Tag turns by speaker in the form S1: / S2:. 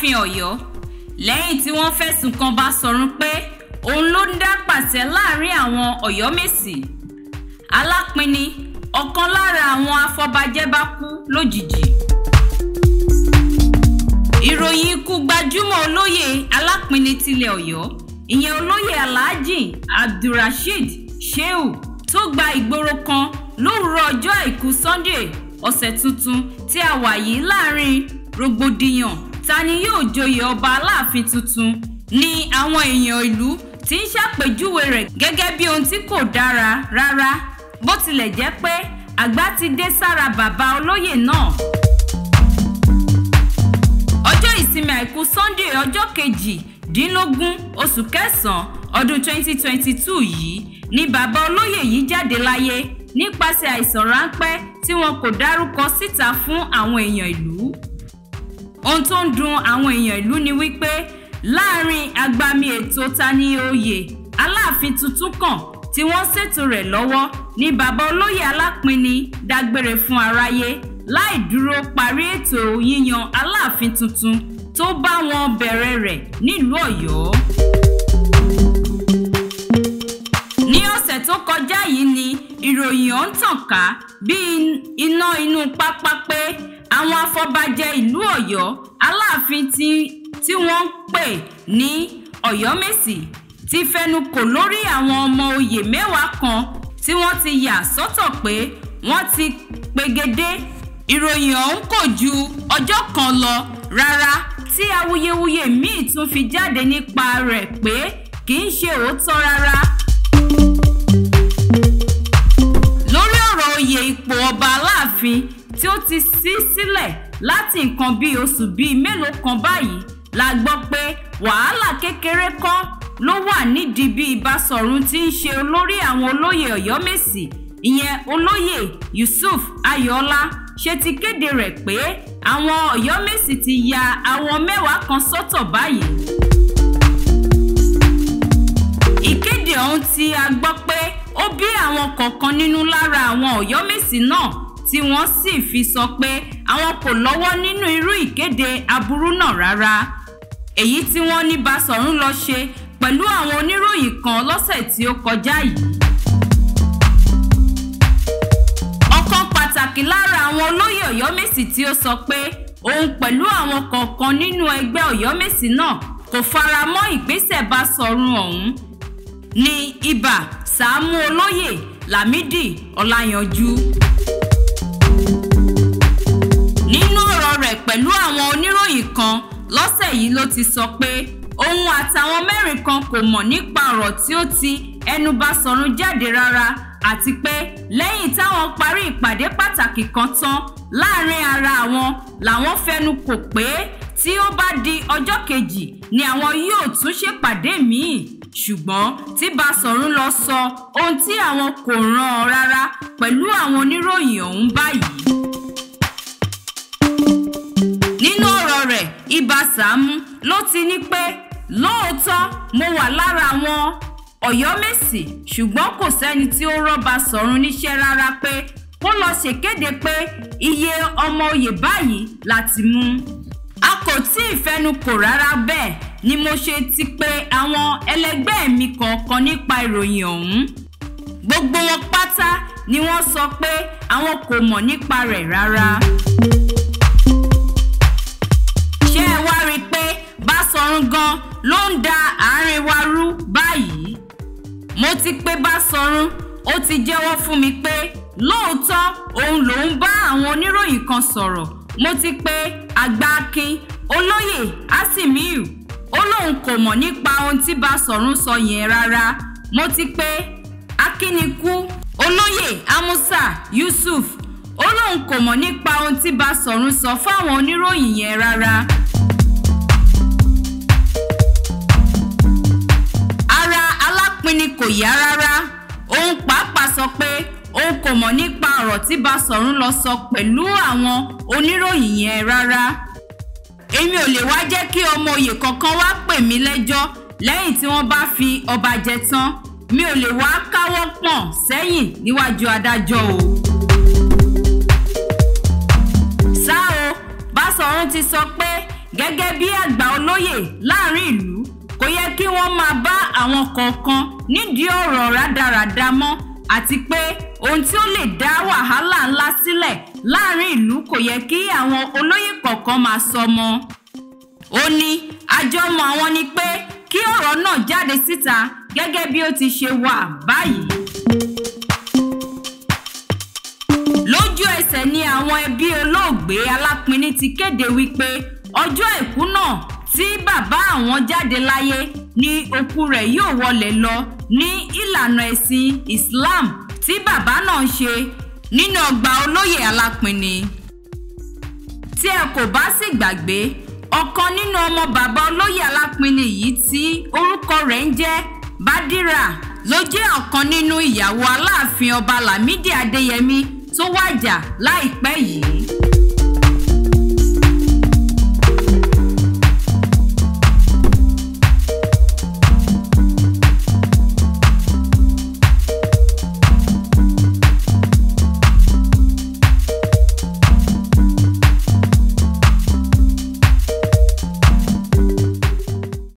S1: aláàfin ọ̀yọ́ lẹ́yìn tí wọ́n fẹ̀sùn kan Báṣọ̀run pé òun ló ń dá pàṣẹ láàrin àwọn ọ̀yọ́mèsì alápinni ọ̀kan lára àwọn afọbajẹ bá kú lójijì. ìròyìn ikú gbajúmọ̀ olóyè alápinni tilẹ̀ ọ̀yọ́ ìyẹn olóyè alhaji abdulrasheed shehu tó gba ìgboro kan lóòrọ̀ ọjọ́ àìkú sunday ọ̀sẹ̀ tuntun tí a wà yìí láàrin rògbòdìyàn ta ni yóò joyè ọba aláàfin tuntun ni àwọn èèyàn ìlú ti ń ṣàpèjúwe rẹ̀ gẹ́gẹ́ bí ohun tí kò dára rárá bó tilẹ̀ jẹ́ pé àgbà ti dé sára bàbá olóyè náà. ọjọ́ ìsinmi àìkú sunday ọjọ́ kejìdínlógún oṣù kẹsàn-án ọdún 2022 yìí ni bàbá olóyè yìí jáde láyé nípasẹ̀ àìsàn ráńpẹ́ tí wọn kò dárúkọ síta fún àwọn èèyàn ìlú ohun tó ń dùn àwọn èèyàn ìlú ni wípé láàrin agbami ètò tani oyè aláàfin tuntun kan tí wọ́n ṣètò rẹ̀ lọ́wọ́ ni bàbá olóyè alápinni dágbére fún aráyé láì dúró parí ètò yíyan aláàfin tuntun tó bá wọn bẹ̀rẹ̀ rẹ̀ nílùú ọ̀yọ́. ní ọ̀sẹ̀ tó kọjá yìí ni ìròyìn ọ̀hún tàn ká bí iná inú pápá pé àwọn afọbajẹ ìlú Ọ̀yọ́ aláàfin tí tí wọ́n ń pè ní Ọ̀yọ́mèsì ti fẹnukò lórí àwọn ọmọ oyè mẹ́wàá kan tí wọ́n ti yà sọ́tọ̀ pé wọ́n ti pegedé ìròyìn ọ̀hún kò ju ọjọ́ kan lọ rárá tí awuyewuye míì tún fi jáde nípa rẹ̀ pé kì í ṣe òótọ́ rárá. lórí ọ̀rọ̀ oyè ipò ọba aláàfin ààfin tí ó ti ṣí sílẹ̀ láti nǹkan bíi oṣù bíi mélòó kan báyìí la gbọ́ pé wàhálà kékeré kọ́ ló wà nídìí bí Ìbáṣọ̀run ti ń ṣe olórí àwọn olóyè Ọ̀yọ́mèsì ìyẹn olóyè Yusuf Ayọ̀ọ́lá ṣe ti kéde rẹ̀ pé àwọn Ọ̀yọ́mèsì ti ya àwọn mẹ́wàá kan sọ́tọ̀ báyìí. ìkéde ọ̀hún tí a gbọ́ pé ó bí àwọn kọ̀ọ̀kan nínú lára àwọn Ọ̀yọ́mèsì náà tí wọ́n sì fi sọ pé àwọn kò lọ́wọ́ nínú irú ìkéde aburú náà rárá èyí tí wọ́n ní Basọ̀rún lọ ṣe pẹ̀lú àwọn oníròyìn kan lọ́sẹ̀ tí ó kọjá yìí. ọ̀kan pàtàkì lára àwọn olóyè Ọ̀yọ́mèsì tí ó sọ pé òun pẹ̀lú àwọn kọ̀ọ̀kan nínú ẹgbẹ́ Ọ̀yọ́mèsì náà kò fara mọ́ ìgbésẹ̀ Basọ̀rún ọ̀hún ní ibà Sàámú olóyè Lámídì Ọláyanjú. pẹ̀lú àwọn oníròyìn kan lọ́sẹ̀ yìí ló ti sọ pé òun àtàwọn mẹ́rin kan kò mọ̀ nípa ọ̀rọ̀ tí ó ti ẹnu bá sọ̀rùn jáde rárá àti pé lẹ́yìn táwọn parí ìpàdé pàtàkì kan tán láàrin ara àwọn làwọn fẹnu kò pé tí ó bá di ọjọ́ kejì ni àwọn yóò tún ṣèpàdé míì ṣùgbọ́n tí Basọ̀run lọ sọ ohun tí àwọn kò rán rárá pẹ̀lú àwọn oníròyìn ọ̀hún báyìí. rẹ̀ Ìbà Sàámú ló ti ní pé lóòótọ́ mo wà lára àwọn Ọ̀yọ́mèsì ṣùgbọ́n kò sẹ́ni tí ó rọ́ba sọ̀run níṣẹ́ rárá pé kó lọ ṣèkéde pé iye ọmọ oyè báyìí láti mú. a kò tí ì fẹnu kò rárá bẹ́ẹ̀ ni mo ṣe ti pe àwọn ẹlẹgbẹ́ mi kọ̀ọ̀kan nípa ìròyìn ọ̀hún. gbogbo wọn pátá ni wọ́n sọ pé àwọn kò mọ̀ nípa rẹ̀ rárá. òun gan ló ń da àárín wa rú báyìí mo ti pé Báṣọ̀run ó ti jẹ́wọ́ fún mi pé lóòótọ́ òun lòún bá àwọn oníròyìn kan sọ̀rọ̀ mo ti pé Àgbàkin olóyè Asimiu ó lóun kò mọ̀ nípa ohun tí Báṣọ̀run sọ yẹn rárá mo ti pé Akínikú olóyè Amusa Yusuf ó lóun kò mọ̀ nípa ohun tí Báṣọ̀run sọ fáwọn oníròyìn yẹn rárá. yá rárá òun pàápàá sọ pé òun kò mọ̀ nípa ọ̀rọ̀ tí Basọ̀run lọ sọ pẹ̀lú àwọn oníròyìn yẹn rárá èmi ò lè wá jẹ́ kí ọmọ oyè kankan wá pè mí lẹ́jọ́ lẹ́yìn tí wọ́n bá fi ọba jẹ tán mi ò lè wá káwọ́ pọ̀n sẹ́yìn níwájú adájọ́ o. ṣá o Basọ̀run ti sọ pé gẹ́gẹ́ bí àgbà olóyè láàrin ìlú kò yẹ kí wọ́n máa bá àwọn kọ̀ọ̀kan nídìí ọ̀rọ̀ rádaràda mọ́ àti pé ohun tí ó lè dá wàhálà ńlá sílẹ̀ láàrin ìlú kò yẹ kí àwọn olóyè kọ̀ọ̀kan máa sọ mọ́ ó ní àjọmọ̀ àwọn ni pé kí ọ̀rọ̀ náà jáde síta gẹ́gẹ́ bí ó ti ṣe wà báyìí. lójú ẹsẹ̀ ni àwọn ẹbí olóògbé Alápinni ti kéde wípé ọjọ́ àìkú náà tí bàbá àwọn jáde láyé ni òkú rẹ̀ yóò wọlé lọ ní ìlànà ẹ̀sìn Islam tí bàbá náà ń ṣe nínú ọgbà olóyè alápinni tí ẹ kò bá sì gbàgbé ọ̀kan nínú ọmọ bàbá olóyè alápinni yìí tí orúkọ rẹ̀ ń jẹ́ Badira ló jẹ́ ọ̀kan nínú ìyàwó Aláàfin ọba Lámídì Adéyẹmí tó wàjà láìpẹ́ yìí.